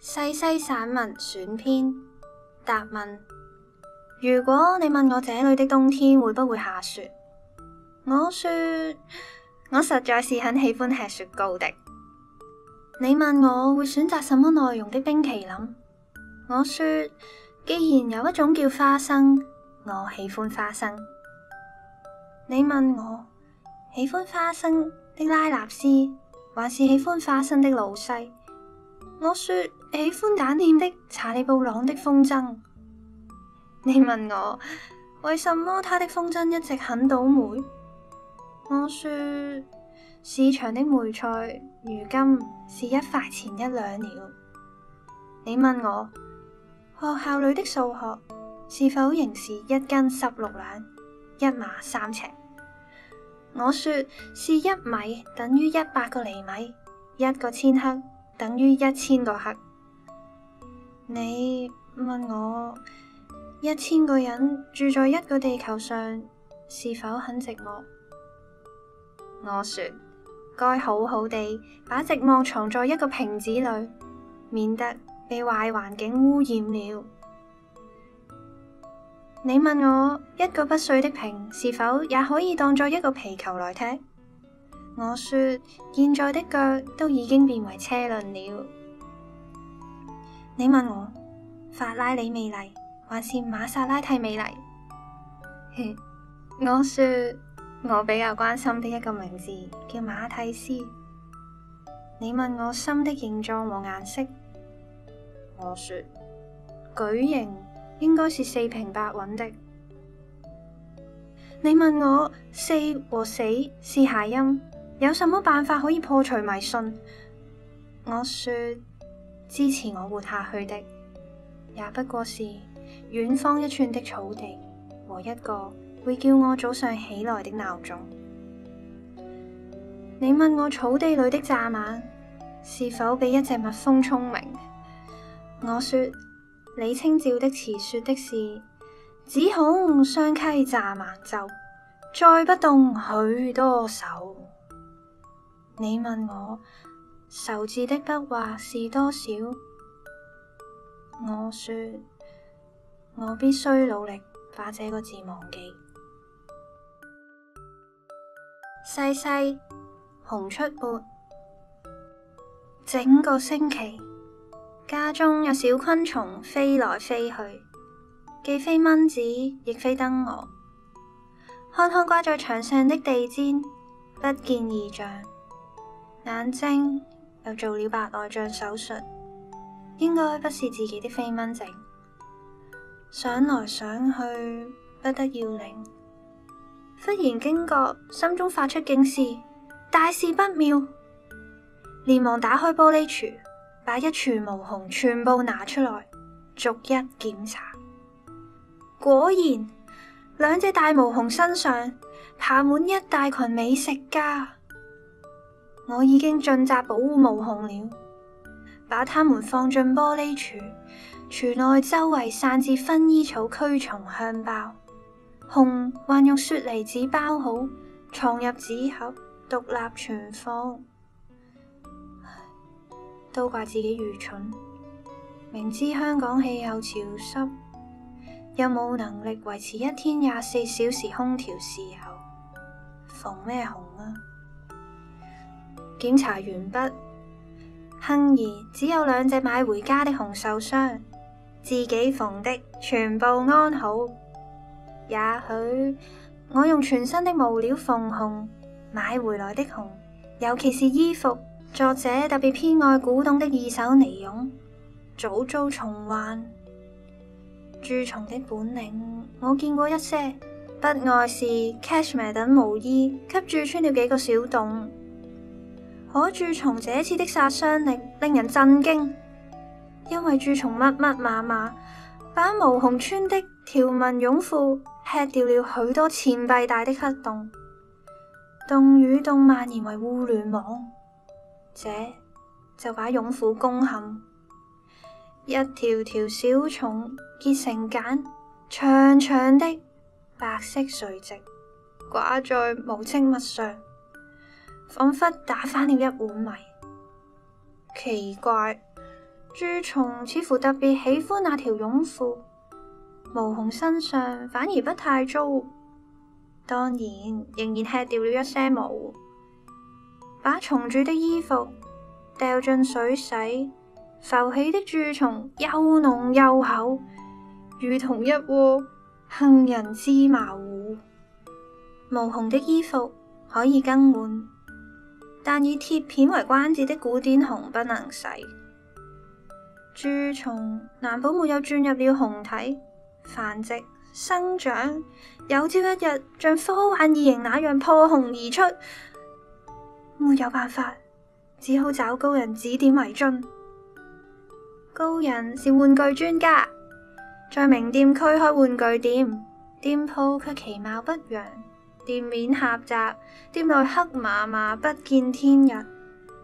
西西散文選篇答問：如果你問我這裏的冬天會不會下雪？我說我實在是很喜歡吃雪糕的。你問我會選擇什麼內容的冰淇淋，我說既然有一種叫花生，我喜歡花生。你問我喜歡花生的拉納斯還是喜歡花生的老西，我說。喜歡打念的查理布朗的風箏，你問我為什麼他的風箏一直很倒霉？我說市場的梅菜如今是一塊錢一兩了。你問我學校裏的數學是否仍是一斤十六兩，一碼三尺？我說是一米等於一百個厘米，一個千克等於一千個克。你問我一千個人住在一個地球上是否很寂寞？我說該好好地把寂寞藏在一個瓶子裏，免得被壞環境污染了。你問我一個不碎的瓶是否也可以當作一個皮球來踢？我說現在的腳都已經變為車輪了。你問我法拉利美麗還是瑪莎拉蒂美麗？ 我說我比較關心的一個名字叫馬蒂斯。你問我心的形狀和顏色？我說，矩形應該是四平八穩的。你問我四和死是諧音，有什麼辦法可以破除迷信？我說。支持我活下去的，也不過是遠方一寸的草地和一個會叫我早上起來的鬧鐘。你問我草地裏的蚱蜢是否比一隻蜜蜂聰明？我說李清照的詞說的是“只恐雙溪蚱蜢舟，就載不動許多愁”。你問我？愁字的筆畫是多少？我說，我必須努力把這個字忘記。細細熊出沒。整個星期家中有小昆蟲飛來飛去，既飛蚊子亦飛燈蛾。看看掛在牆上的地毯，不見異象。眼睛。又做了白內障手術，應該不是自己的飛蚊症。想來想去，不得要領。忽然驚覺，心中發出警示，大事不妙。連忙打開玻璃櫥，把一櫥毛熊全部拿出來，逐一檢查。果然，兩隻大毛熊身上爬滿一大群美食家。我已經盡責保護毛熊了，把他們放進玻璃櫥，櫥內周圍散置薰衣草、驅蟲香包，熊還用雪梨紙包好，藏入紙盒獨立存放。都怪自己愚蠢，明知香港氣候潮濕，又冇能力維持一天廿四小時空調伺候，縫咩熊啊！檢查完畢，幸而只有兩隻買回家的熊受傷，自己縫的全部安好。也許我用全新的毛料縫熊，買回來的熊，尤其是衣服，作者特別偏愛古董的二手呢絨，早遭蟲患。蛀蟲的本領我見過一些，不外是 cashmere 等毛衣，給蛀穿了幾個小洞。可蛀蟲這次的殺傷力令人震驚，因為蛀蟲密密麻麻，把毛熊穿的條紋泳褲吃掉了許多錢幣大的黑洞，洞與洞蔓延為互聯網，這就把泳褲攻陷。一條條小蟲結成繭，長長的白色垂直掛在無清物上。仿佛打翻了一碗米，奇怪，蛀蟲似乎特別喜歡那條絨褲，毛熊身上反而不太糟，當然仍然吃掉了一些毛，把蟲蛀的衣服掉進水洗，浮起的蛀蟲又濃又厚，如同一鍋杏仁芝麻糊，毛熊的衣服可以更換。但以貼片為關節的古典熊不能使，蛀蟲難保沒有鑽入了熊體繁殖生長，有朝一日像科幻異形那樣破熊而出，沒有辦法，只好找高人指點迷津。高人是玩具專家，在名店區開玩具店，店鋪卻其貌不揚。店面狹窄，店內黑麻麻，不見天日。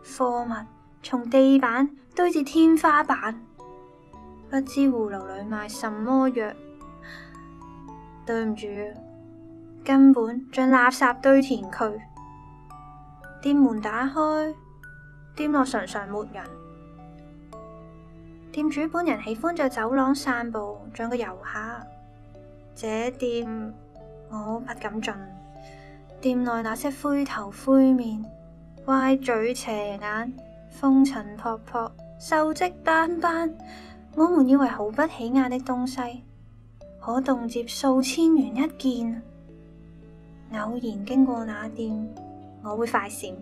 貨物從地板堆至天花板，不知葫蘆裏賣什麼藥。對唔住，根本像垃圾堆填區。店門打開，店內常常沒人。店主本人喜歡在走廊散步，像個遊客。這店我不敢進。店內那些灰頭灰面、歪嘴斜眼、風塵僕僕、鏽迹斑斑，我們以為毫不起眼的東西，可動輒數千元一件。偶然經過那店，我會快閃，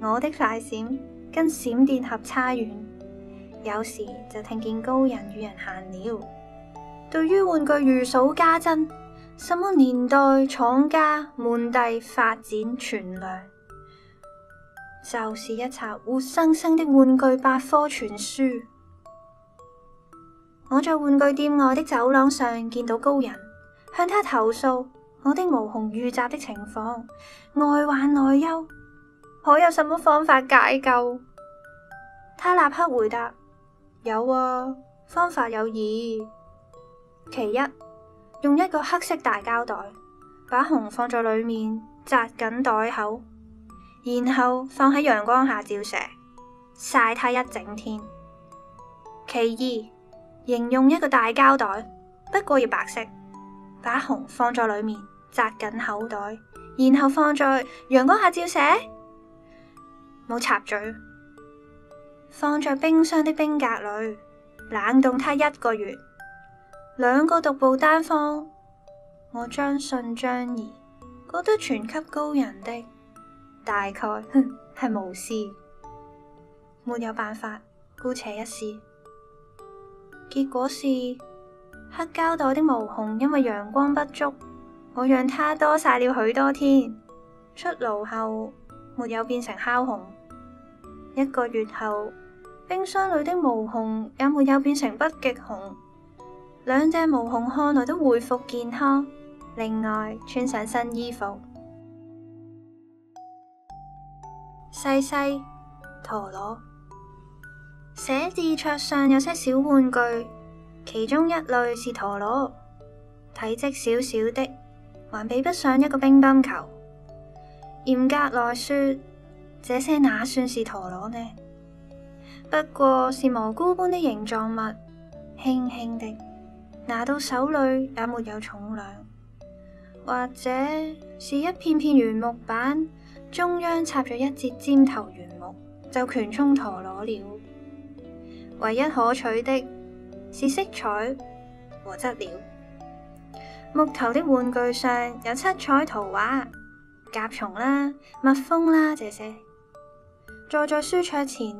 我的快閃跟閃電俠差遠。有時就聽見高人與人閒聊，對於玩具如數家珍。什麼年代，廠家滿地發展存糧，就是一冊活生生的玩具百科全書。我在玩具店外的走廊上見到高人，向他投訴我的毛熊遇襲的情況，外患內憂，可有什麼方法解救？他立刻回答：有啊，方法有二，其一。用一個黑色大膠袋，把熊放在裏面，紮緊袋口，然後放喺陽光下照射，曬它一整天。其二，仍用一個大膠袋，不過要白色，把熊放在裏面，紮緊口袋，然後放在陽光下照射，冇插嘴，放在冰箱的冰格裏冷凍它一個月。兩個獨步單方，我將信將疑，覺得全級高人的大概，哼，係無事，沒有辦法，姑且一試。結果是黑膠袋的毛熊，因為陽光不足，我讓它多曬了許多天，出爐後沒有變成烤熊。一個月後，冰箱裏的毛熊也沒有變成北極熊。兩隻毛熊看來都恢復健康，另外穿上新衣服。細細陀螺。寫字桌上有些小玩具，其中一類是陀螺，體積小小的，還比不上一個乒乓球。嚴格來說，這些哪算是陀螺呢？不過是蘑菇般的形狀物，輕輕的。拿到手裏也沒有重量，或者是一片片原木板，中央插着一截尖頭圓木，就權充陀螺了。唯一可取的是色彩和質料。木頭的玩具上有七彩圖畫、甲蟲啦、蜜蜂啦這些。坐在書桌前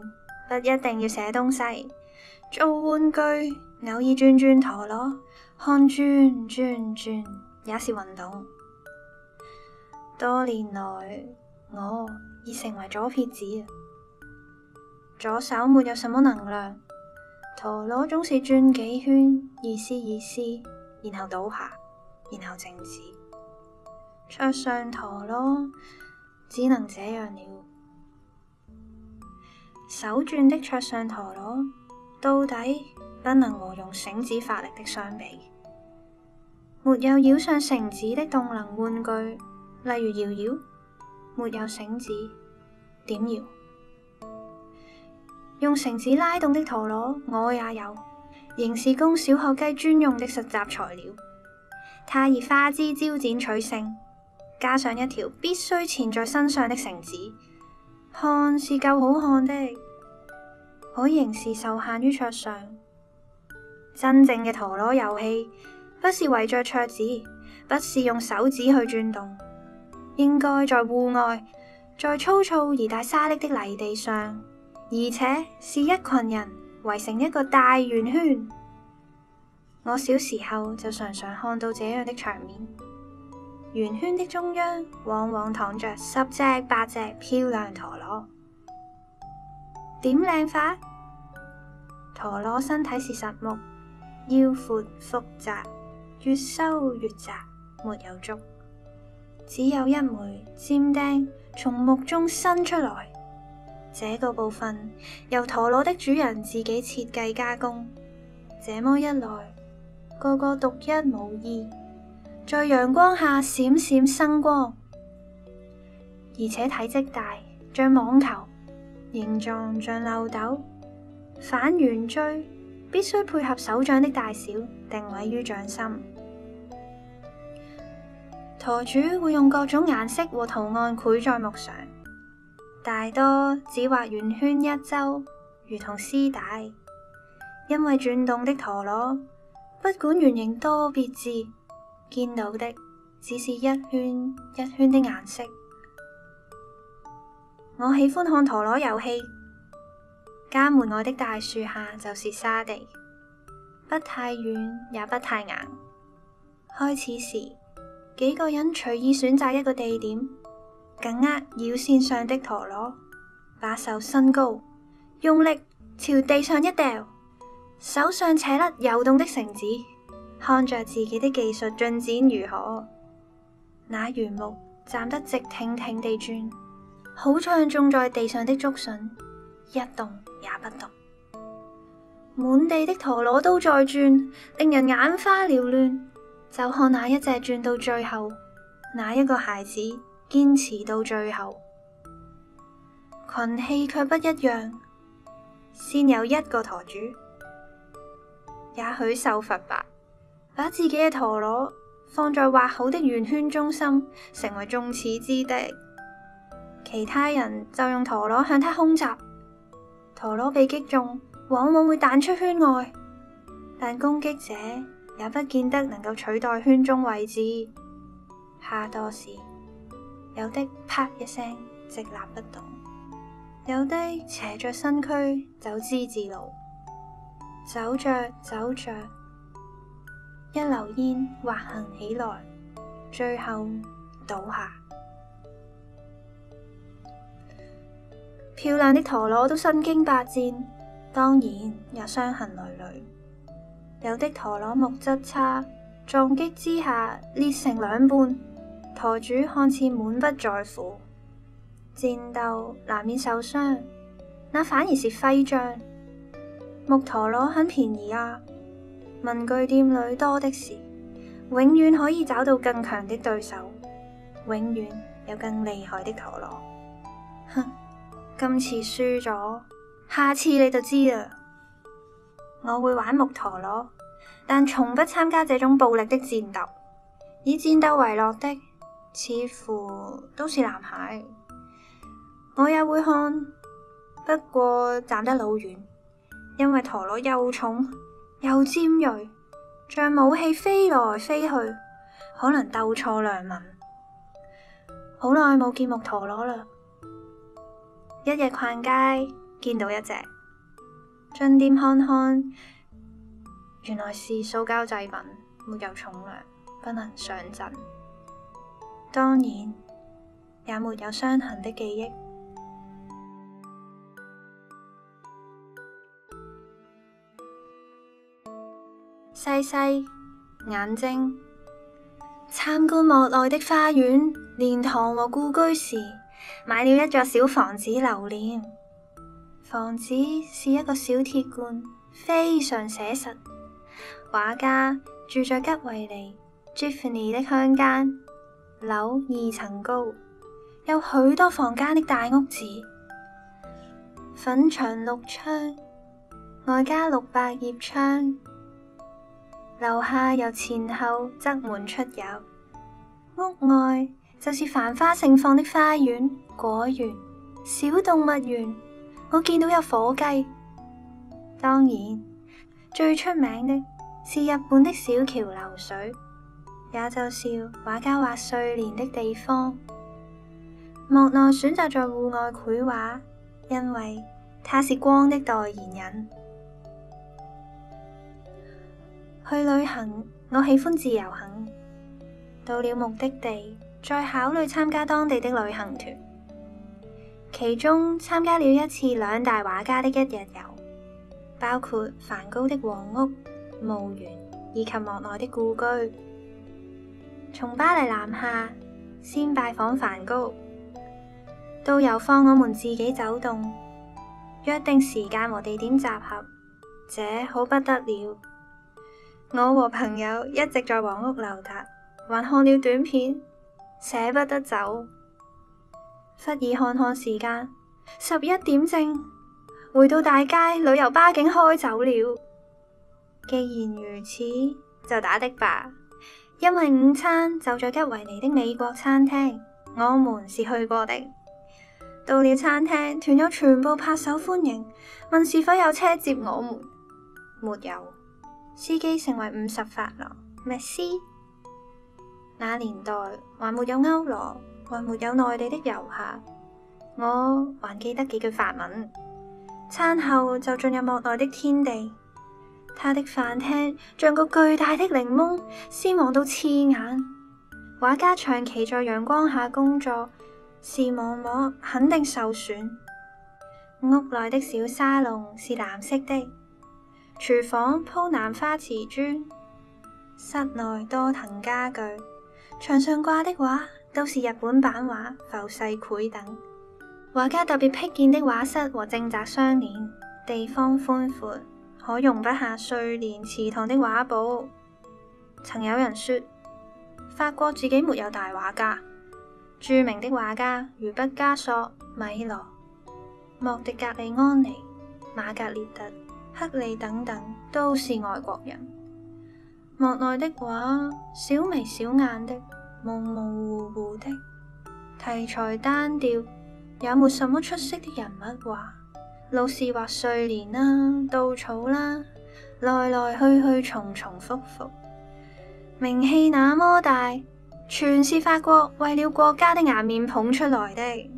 不一定要寫東西，做玩具。偶爾轉轉陀螺，看轉轉轉也是運動。多年來，我已成為左撇子。左手沒有什麼能量，陀螺總是轉幾圈，意思意思，然後倒下，然後靜止。桌上陀螺只能這樣了。手轉的桌上陀螺到底，不能和用繩子發力的相比的。沒有繞上繩子的動能玩具，例如搖搖，沒有繩子，點搖？用繩子拉動的陀螺，我也有，仍是供小學雞專用的實習材料。它以花枝招展取勝，加上一條必須纏在身上的繩子，看是夠好看的，可仍是受限於桌上。真正嘅陀螺遊戲，不是圍着桌子，不是用手指去轉動，應該在戶外，在粗糙而帶沙粒的泥地上，而且是一群人圍成一個大圓圈。我小時候就常常看到這樣的場面，圓圈的中央往往躺着十隻八隻漂亮陀螺，點靚法？陀螺身體是實木。腰闊腹窄，越收越窄，沒有足，只有一枚尖釘從木中伸出來。這個部分由陀螺的主人自己設計加工，這麼一來，個個獨一無二，在陽光下閃閃閃生光，而且體積大，像網球，形狀像漏斗，反圓錐。必須配合手掌的大小，定位於掌心。陀主會用各種顏色和圖案繪在木上，大多只畫圓圈一周，如同絲帶。因為轉動的陀螺，不管圓形多別致，見到的只是一圈一圈的顏色。我喜歡看陀螺遊戲。家門外的大樹下就是沙地，不太軟也不太硬。開始時，幾個人隨意選擇一個地點，緊握繞線上的陀螺，把手伸高，用力朝地上一掉，手上扯甩游動的繩子，看着自己的技術進展如何。那圓木站得直挺挺地轉，好像種在地上的竹笋，一動。也不懂，滿地的陀螺都在轉，令人眼花繚亂。就看哪一隻轉到最後，哪一個孩子堅持到最後。群戲卻不一樣，先有一個陀主，也許受罰吧，把自己嘅陀螺放在畫好的圓圈中心，成為眾矢之的。其他人就用陀螺向他空襲。陀螺被擊中，往往會彈出圈外，但攻擊者也不見得能夠取代圈中位置。下墜時，有的啪一聲直立不動，有的斜着身軀走之字路，走着走着，一溜煙滑行起來，最後倒下。漂亮的陀螺都身經百戰，當然也傷痕累累。有的陀螺木質差，撞擊之下裂成兩半。陀主看似滿不在乎，戰鬥難免受傷，那反而是徽章。木陀螺很便宜啊，文具店裏多的是，永遠可以找到更強的對手，永遠有更厲害的陀螺。哼。今次輸咗，下次你就知啦。我會玩木陀螺，但從不參加這種暴力的戰鬥。以戰鬥為樂的，似乎都是男孩。我也會看，不過站得老遠，因為陀螺又重又尖銳，像武器飛來飛去，可能鬥錯良民。好耐冇見木陀螺啦。一日逛街，見到一隻，進店看看，原來是塑膠製品，沒有重量，不能上陣，當然也沒有傷痕的記憶。西西眼睛參觀莫內的花園、蓮塘和故居時。買了一座小房子留念，房子是一個小鐵罐，非常寫實。畫家住在吉維尼 Giverny 的鄉間，樓二層高，有許多房間的大屋子，粉牆綠窗，外加綠百葉窗，樓下由前後側門出入，屋外。就是繁花盛放的花園、果園、小動物園。我見到有火雞，當然最出名的是日本的小橋流水，也就是畫家畫睡蓮的地方。莫奈選擇在戶外繪畫，因為他是光的代言人。去旅行，我喜歡自由行，到了目的地，再考慮參加當地的旅行團，其中參加了一次兩大畫家的一日遊，包括梵高的黃屋、墓園以及莫奈的故居。從巴黎南下，先拜訪梵高，導遊放我們自己走動，約定時間和地點集合，這好不得了。我和朋友一直在黃屋留達，還看了短片。捨不得走，忽而看看時間，十一點正，回到大街，旅遊巴竟開走了。既然如此，就打的吧，因為午餐就在吉維尼的美國餐廳，我們是去過的。到了餐廳，團友全部拍手歡迎，問是否有車接我們，沒有，司機成為五十法郎，Merci。那年代還沒有歐羅，還沒有內地的遊客，我還記得幾句法文。餐後就進入莫奈的天地，他的飯廳像個巨大的檸檬，先望到刺眼。畫家長期在陽光下工作，視網膜肯定受損。屋內的小沙龍是藍色的，廚房鋪藍花瓷磚，室內多藤家具。牆上掛的畫都是日本版畫、浮世繪等畫家。特別闢建的畫室和正宅相連，地方寬闊，可容不下睡蓮池塘的畫布。曾有人說，法國自己沒有大畫家，著名的畫家如畢加索、米羅、莫迪格里安尼、馬格列特、克利等等都是外國人。莫奈的畫小眉小眼的。模模糊糊的題材單調，也沒有什麼出色的人物畫。老是畫睡蓮啦、稻草啦、啊，來來去去、重重複複。名氣那麼大，全是法國為了國家的顏面捧出來的。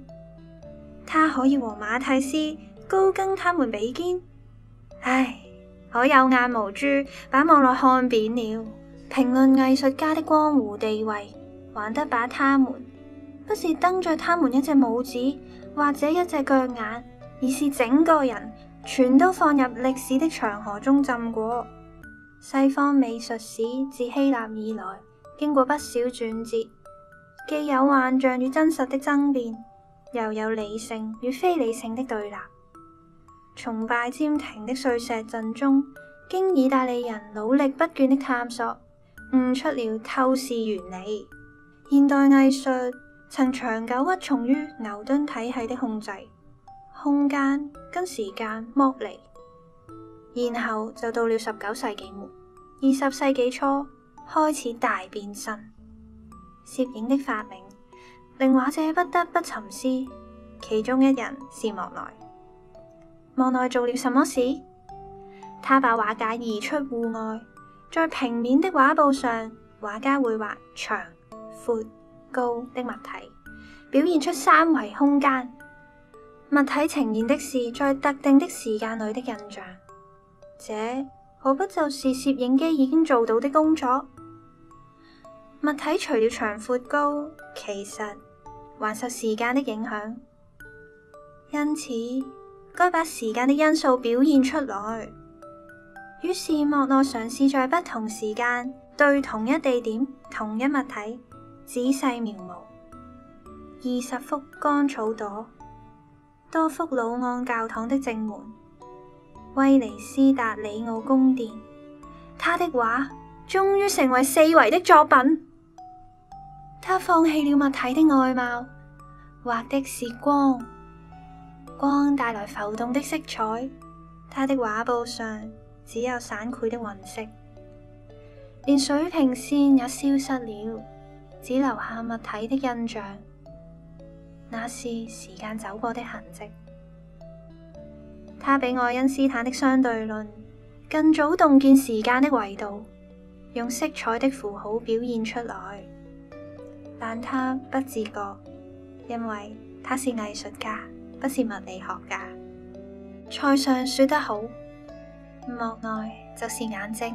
他可以和馬蒂斯、高更他們比肩？唉，我有眼無珠，把莫內看扁了。評論藝術家的江湖地位，還得把他們不是瞪着他們一隻拇指或者一隻腳眼，而是整個人全都放入歷史的長河中浸過。西方美術史自希臘以來，經過不少轉折，既有幻象與真實的爭辯，又有理性與非理性的對立。從拜占庭的碎石陣中，經意大利人努力不倦的探索，悟出了透視原理。現代藝術曾長久屈從於牛頓體系的控制，空間跟時間剝離，然後就到了十九世紀末、二十世紀初開始大變身。攝影的發明令畫者不得不沉思，其中一人是莫奈。莫奈做了什麼事？他把畫架移出戶外，在平面的畫布上，畫家會畫牆。闊高的物體表現出三維空間。物體呈現的是在特定的時間裏的印象，這可不就是攝影機已經做到的工作？物體除了長、闊、高，其實還受時間的影響，因此該把時間的因素表現出來。於是莫奈嘗試在不同時間對同一地點、同一物體。仔細描摹二十幅乾草垛，多幅老岸教堂的正門，威尼斯達里奧宮殿。他的畫終於成為四維的作品。他放棄了物體的外貌，畫的是光，光帶來浮動的色彩。他的畫布上只有散潰的雲色，連水平線也消失了。只留下物體的印象，那是時間走過的痕跡。他比愛因斯坦的相對論更早洞見時間的維度，用色彩的符號表現出來。但他不自覺，因為他是藝術家，不是物理學家。塞尚說得好：莫奈就是眼睛。